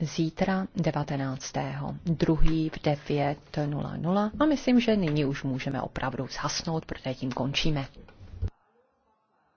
zítra 19. 2. v 9.00 a myslím, že nyní už můžeme opravdu zhasnout, protože tím končíme.